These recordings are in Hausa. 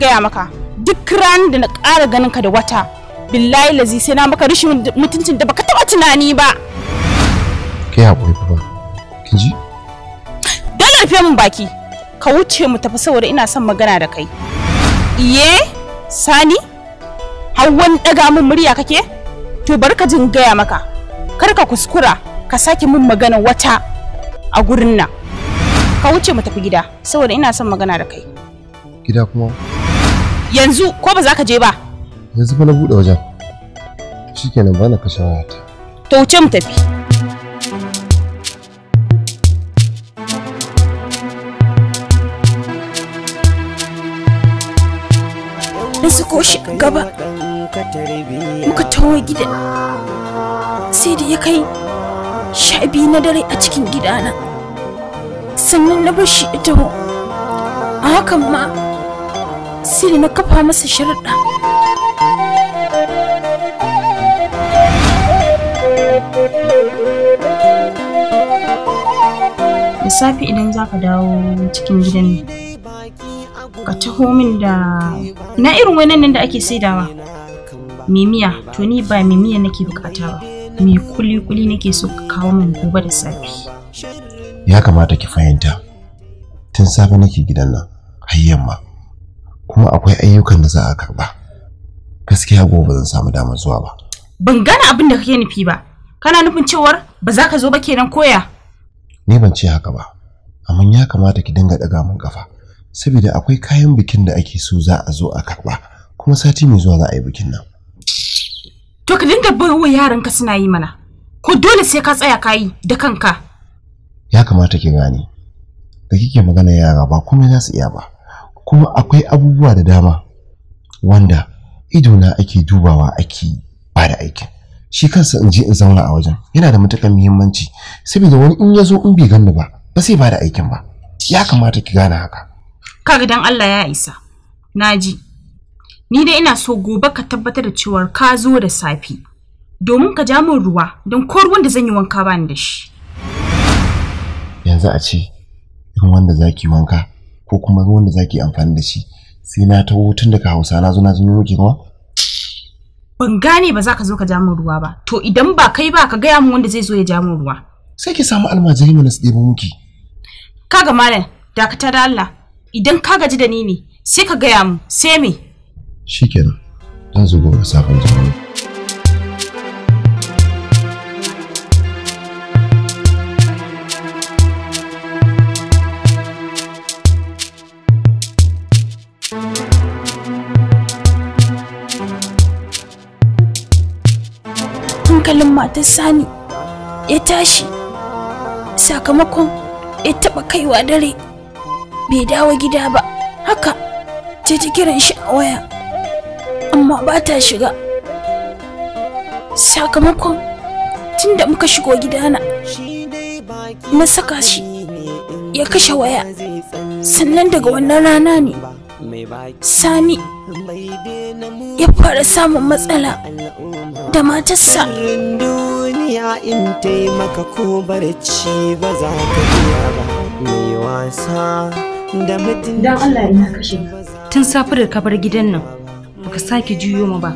gaya maka duk ran da na ƙara ganin ka da wata billahi lazi sai na maka rishin mutuncin da baka taba tunani ba kai haƙuri ba kin ji dan rufe mun baki ka wuce mu tafi saboda ina son magana da kai iye sani hawan ɗaga min murya kake to bari ka jin gaya maka kar ka kuskura ka sake min magana wata a gurin nan ka wuce mu tafi gida saboda ina son magana da kai gida kuma yanzu ko ba za ka je ba yanzu fa na bude wajen shikenan ba na kashe wata to wuce mu tafi na sako shi gaba muka tawo gida sai da ya kai sha biyu na dare a cikin gidana sannan na bar shi ita a hakan ma sai na kafa masa sharuɗa da idan za ka dawo cikin gidan nan ka taho min da na irin wani nan da ake saidawa mimiya to ni ba mimiya nake bukata ba me kuli-kuli nake so ka kawo min gobe da safi. ya kamata ki fahimta tun safe nake gidan nan har yamma kuma akwai ayyukan da za a karba gaskiya gobe zan samu damar zuwa ba ban gane abin da kake nufi ba kana nufin cewar ba za ka zo ba kenan koya ni ban ce haka ba amma ya kamata ki dinga daga mun kafa saboda akwai kayan bikin da ake so za a zo a karba kuma sati mai zuwa za a yi bikin nan to ka dinga bai wa ka suna yi mana ko dole sai ka tsaya kayi da kanka ya kamata ki gane da kike magana yara ba kuma za su iya ba kuma akwai abubuwa da dama wanda idona ake dubawa ake ba da aikin shi kansa in je in zauna a wajen yana da matuƙar muhimmanci saboda wani in ya zo in bai ganni ba ba sai ba da aikin ba ya kamata ki gane haka Ka ga dan Allah ya isa naji ni dai ina so gobe ka tabbatar da cewa ka zo da safe domin ka ja min ruwa don ko ruwan da zan yi wanka ba ni da shi yanzu a ce in wanda zaki wanka ko kuma ruwan da zaki amfani da shi sai na taho tun daga hausa na zo na janyo miki kuma ban gane ba za ka zo ka ja min ruwa ba to idan ba kai ba ka gaya mu wanda zai zo ya ja min ruwa sai ki samu almajiri mana su ɗebo wuki. kaga malam dakata da Allah idan ka gaji da ni ne sai ka gaya mu sai me shikenan zan zo gobe safin jami'a hankalin matar sani ya tashi sakamakon ya taba kaiwa dare bai dawo gida ba haka ce ta kiran shi a waya amma ba ta shiga sakamakon tunda muka shigo gidana na saka shi ya kashe waya sannan daga wannan rana ne sani ya fara samun matsala da matarsa duniya in taimaka ko barci ba za ka iya ba mai wasa da mutum dan Allah ina kashe tun safi da kabar gidan nan baka sake juyo mu ba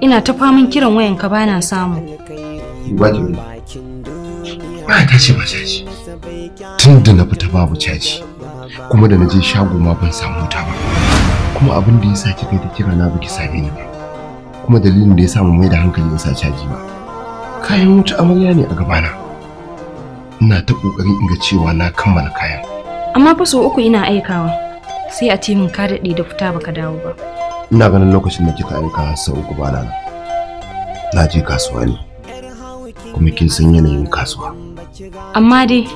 ina ta famin kiran wayan ka bana samu ba ta ce ba caji tun da na fita babu caji kuma da na je shago ma ban samu ta ba kuma abin da ya sa kika da kira na baki same ni ba kuma dalilin da ya sa mu mai da hankali in sa caji ba kayan wuta amarya ne a gabana ina ta kokarin in ga cewa na kammala kayan amma fa so uku ina aikawa sai a ce min ka daɗe da fita baka dawo ba ina ganin lokacin da kika aika har sau uku bana na na je kasuwa ne kuma kin san yanayin kasuwa amma dai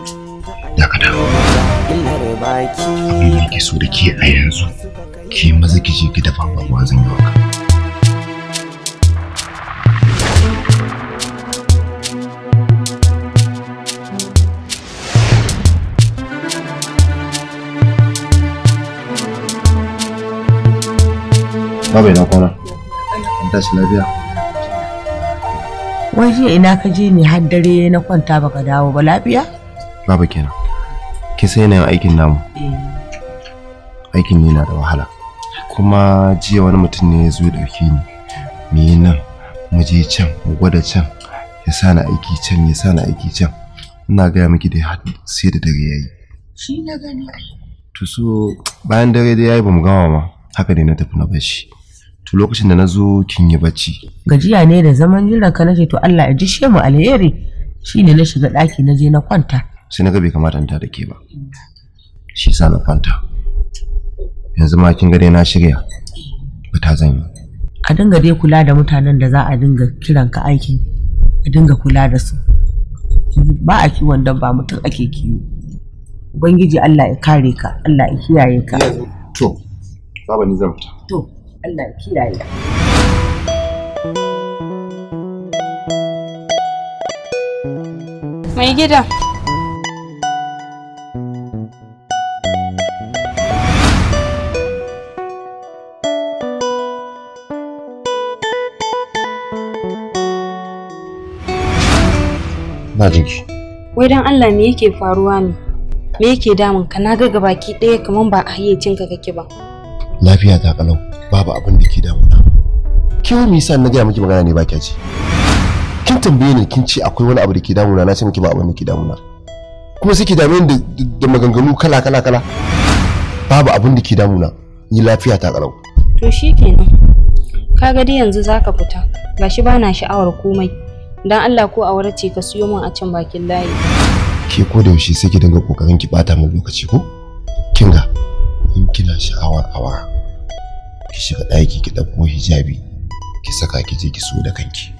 da ka dawo abin da so da ke a yanzu ki maza ki je ki dafa ba ruwa zan yi wanka Babai na kwana. An tashi lafiya. Wai jiya ina ka je ne har dare na kwanta baka dawo ba lafiya? Baba kenan. Ki sai yanayin aikin namu. Eh. Aikin ne na da wahala. kuma jiya wani mutum ne ya zo ya ɗauke ni mu yi nan mu je can mu gwada can ya sa na aiki can ya sa na aiki can ina gaya miki dai har sai da dare yayi shi na gani to so bayan dare dai yayi bamu gama ma haka ne na tafi na bashi to lokacin da na zo kin yi bacci gajiya ne da zaman jiran ka nace to Allah ya ji mu alheri ne na shiga ɗaki na je na kwanta sai na ga bai kamata in ta da ke ba shi sa na kwanta yanzu ma kin gare na shirya fita zan yi a dinga dai kula da mutanen da za a dinga kiran ka aikin a dinga kula da su ba a kiwon dabba mutum ake kiwo ubangiji Allah ya kare ka Allah ya kiyaye ka to baba ni zan fita to Allah ya kiyaye mai gida ina wai dan Allah me yake faruwa ne me yake damun ka na ga gabaki ɗaya kaman ba a hayyacin ka kake ba lafiya ta kalau babu abin da ke damuna ki wai me yasa na ga miki magana ne ba kya ji kin tambaye ni kin ce akwai wani abu da ke damuna na ce miki ba abin da ke damuna kuma suke dame ni da maganganu kala kala kala babu abin da ke damuna ni lafiya ta kalau to shikenan kaga dai yanzu zaka fita gashi bana sha'awar komai dan Allah ko aure ce ka siyo min a can bakin layi ke ko da yaushe sai ki dinga kokarin ki bata min lokaci ko kinga in kina sha'awar awara ki shiga ɗaki ki ɗauko hijabi ki saka ki je ki so da kanki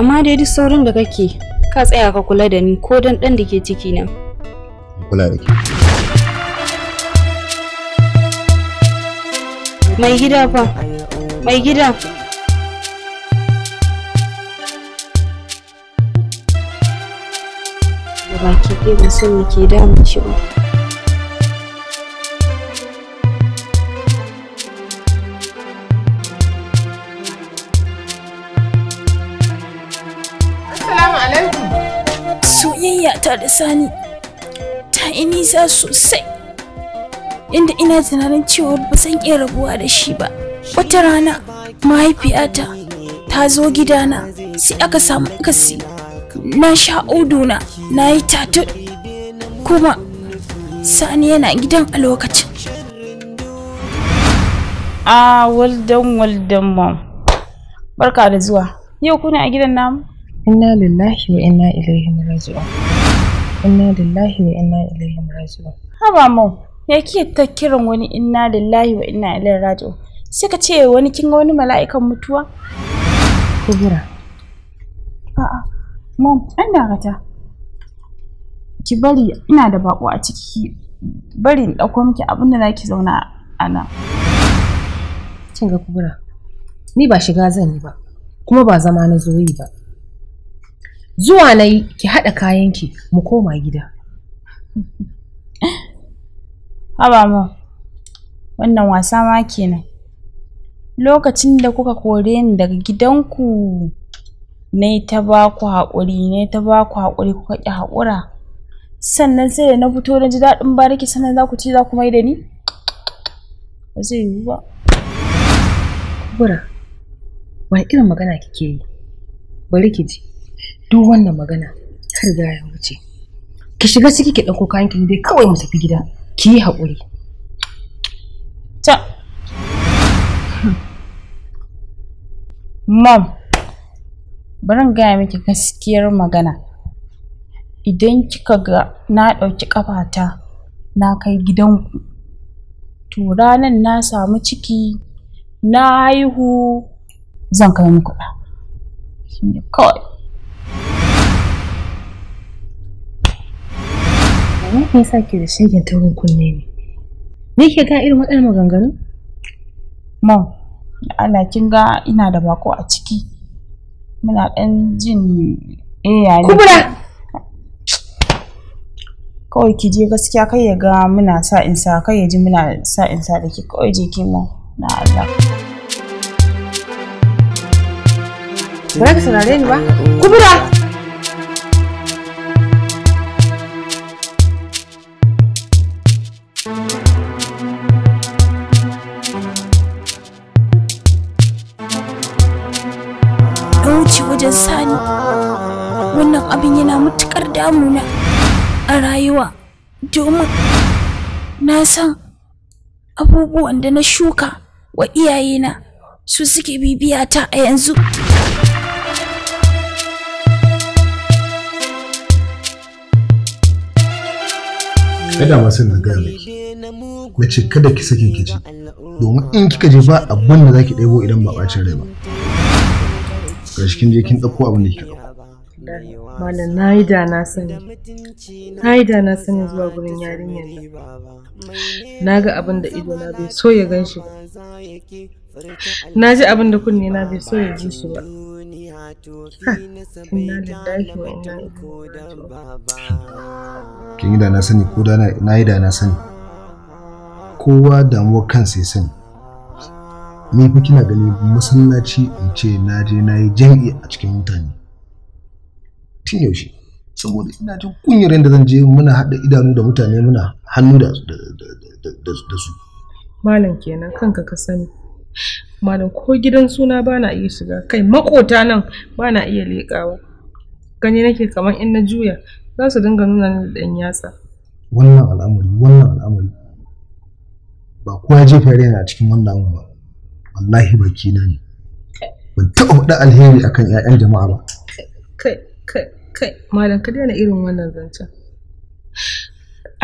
amma dai duk saurin da kake ka tsaya ka kula da ni ko dan ɗan da ke ciki na kula da ke mai gida fa mai gida baki ɗaya ba ke damun shi ba ta da sani ta yi nisa sosai inda ina tunanin cewa ba zan iya rabuwa da shi ba wata rana mahaifiyata ta zo gidana sai aka samu akasi na sha Uduna na yi tatu kuma sani yana gidan a lokacin a waldan waldan mom barka da zuwa yau kuna a gidan namu inna lillahi wa inna ilaihi raji'un inna lillahi wa inna ilaihi raji'un haba mom ya kike ta kiran wani inna lillahi wa inna ilaihi raji'un sai ka ce wani kinga wani mala'ikan mutuwa kubura a'a mom ɗan dagata. ki bari ina da baƙo a ciki bari in ɗauko miki abin da zaki zauna a nan Cin ga kubura ni ba shiga zan yi ba kuma ba zama na zo ba zuwa na yi ki haɗa kayanki mu koma gida haba ma wannan wasa ma kenan lokacin da kuka kore ni daga gidanku nai ta ba ku haƙuri nai ta ba ku haƙuri kuka ƙi haƙura sannan sai da na fito na ji daɗin bariki sannan za ku ci, za ku mai da ni ba zai yiwu ba kubura wani irin magana kike yi bari ki ji duk wannan magana kar ga ya wuce ki shiga ciki ki ɗauko kayan ki dai kawai mu tafi gida ki yi haƙuri ta mam bari gaya miki gaskiyar magana idan kika ga na ɗauki ƙafata na kai gidanku to ranan na samu ciki na haihu zan kai muku ɗa shine kawai me ke sa ke da shegen taurin kunne ne me ke ga irin waɗannan maganganu mom Allah kin ga ina da bako a ciki muna ɗan jin eh yare kubura kawai ki je gaskiya kai ya ga muna sa in sa kai ya ji muna sa in sa da ke? kawai je ki mu na Allah Bara ka saurare ni ba? Kubura! na a rayuwa domin na san abubuwan da na shuka wa iyayena su suke bibiyata a yanzu. kada masu na gaya miki na ce kada ki sake ki ji domin in kika je ba abin da zaki ɗebo idan ba ɓacin rai ba gashi kin je kin ɗauko abin da kika ɗauko malam na yi da na sani na na sani zuwa gurin yarinyar nan na ga abin da ido na bai so ya gan shi ba na ji abin da kunne na bai so ya ji shi ba inna lillahi wa inna ilaihi kin yi da na sani ko da na yi da na sani kowa damuwa kan sai sani ni fa kina gani masallaci in ce na je na yi jam'i a cikin mutane tun yaushe saboda ina jin kunyar yadda zan je muna haɗa idanu da mutane muna hannu da su malam kenan kanka ka sani malam ko gidan suna ba na iya shiga kai makota nan ba na iya leƙawa gani nake kamar in na juya za su dinga nuna ni da ɗan yatsa wannan al'amari wannan al'amari ba kowa ya jefa raina a cikin wannan ba wallahi baki na ne ban taɓa faɗa alheri akan 'ya'yan jama'a ba kai kai kai malam ka daina irin wannan zancen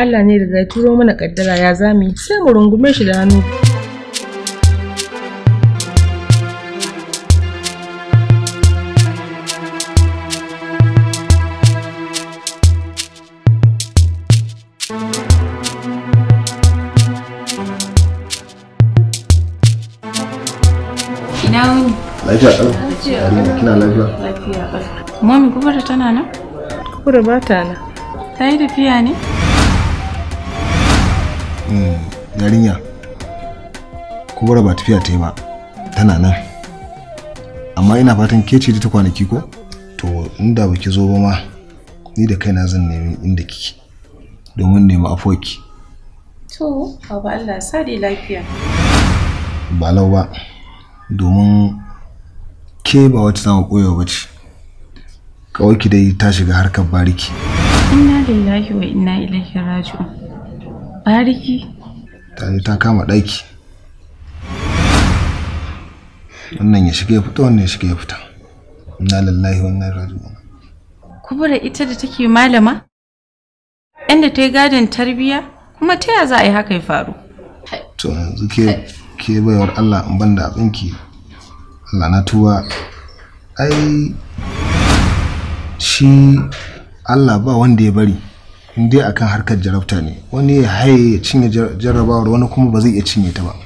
Allah ne da ya turo mana kaddara ya zami sai mu rungume shi da hannu Ina wani? Lafiya Karima kina lafiya? Lafiya ƙasa. Mami kubura tana nan? Kubura ba ta nan. Ta yi tafiya ne? Hmm, yarinya. Kubura ba tafiya ta yi ba. Tana nan. Amma ina fatan ke ce ta kwanaki ko? To inda ba ki zo ba ma ni da kaina zan nemi inda kiki domin nemi afoki. To, Baba Allah sa dai lafiya. Ba lau ba. Domin ke ba wata zama koyo ba ce kawai ki dai ta shiga harkar bariki inna lillahi wa inna ilaihi raji'un bariki ta je ta kama ɗaki wannan ya shiga ya fita wannan ya shiga ya fita inna lillahi wa inna ilaihi raji'un kubura ita da take malama inda ta yi gadon tarbiyya kuma ta ya za a yi haka ya faru to yanzu ke ke baiwar Allah in banda abinki Allah na tuwa ai shi Allah ba wanda ya bari in dai akan harkar jarabta ne wani ya haye ya cinye jarrabawar wani kuma ba zai iya cinye ta ba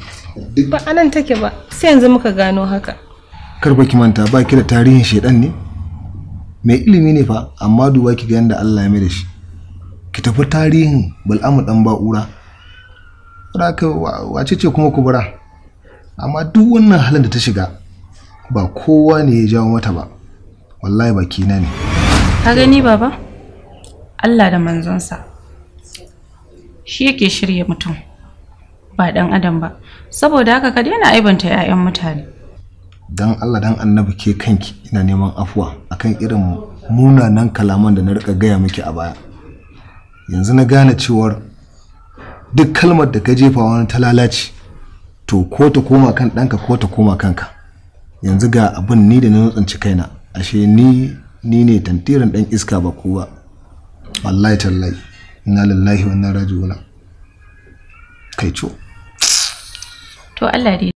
ba anan take ba sai yanzu muka gano haka kar ki manta ba ki da tarihin shedan ne mai ilimi ne fa amma duba ki ga yanda Allah ya mai da shi ki tafi tarihin bal'amu dan ba'ura wace ce kuma kubura amma duk wannan halin da ta shiga ba kowa ne ya jawo mata ba wallahi baki na ne ka gani baba Allah da manzonsa shi yake shirya mutum ba dan adam ba saboda haka ka daina aibanta 'ya'yan mutane dan Allah dan annabi ke kanki ina neman afuwa akan irin munanan kalaman da na rika gaya miki a baya yanzu na gane cewar duk kalmar da ka jefa wani ta lalace to ko ta koma kan ɗanka ko ta koma kanka yanzu ga abin ni da na kaina ashe ni ni ne tantirin dan iska ba kowa wallahi tallahi na lillahi wannan inna na kai to to Allah dai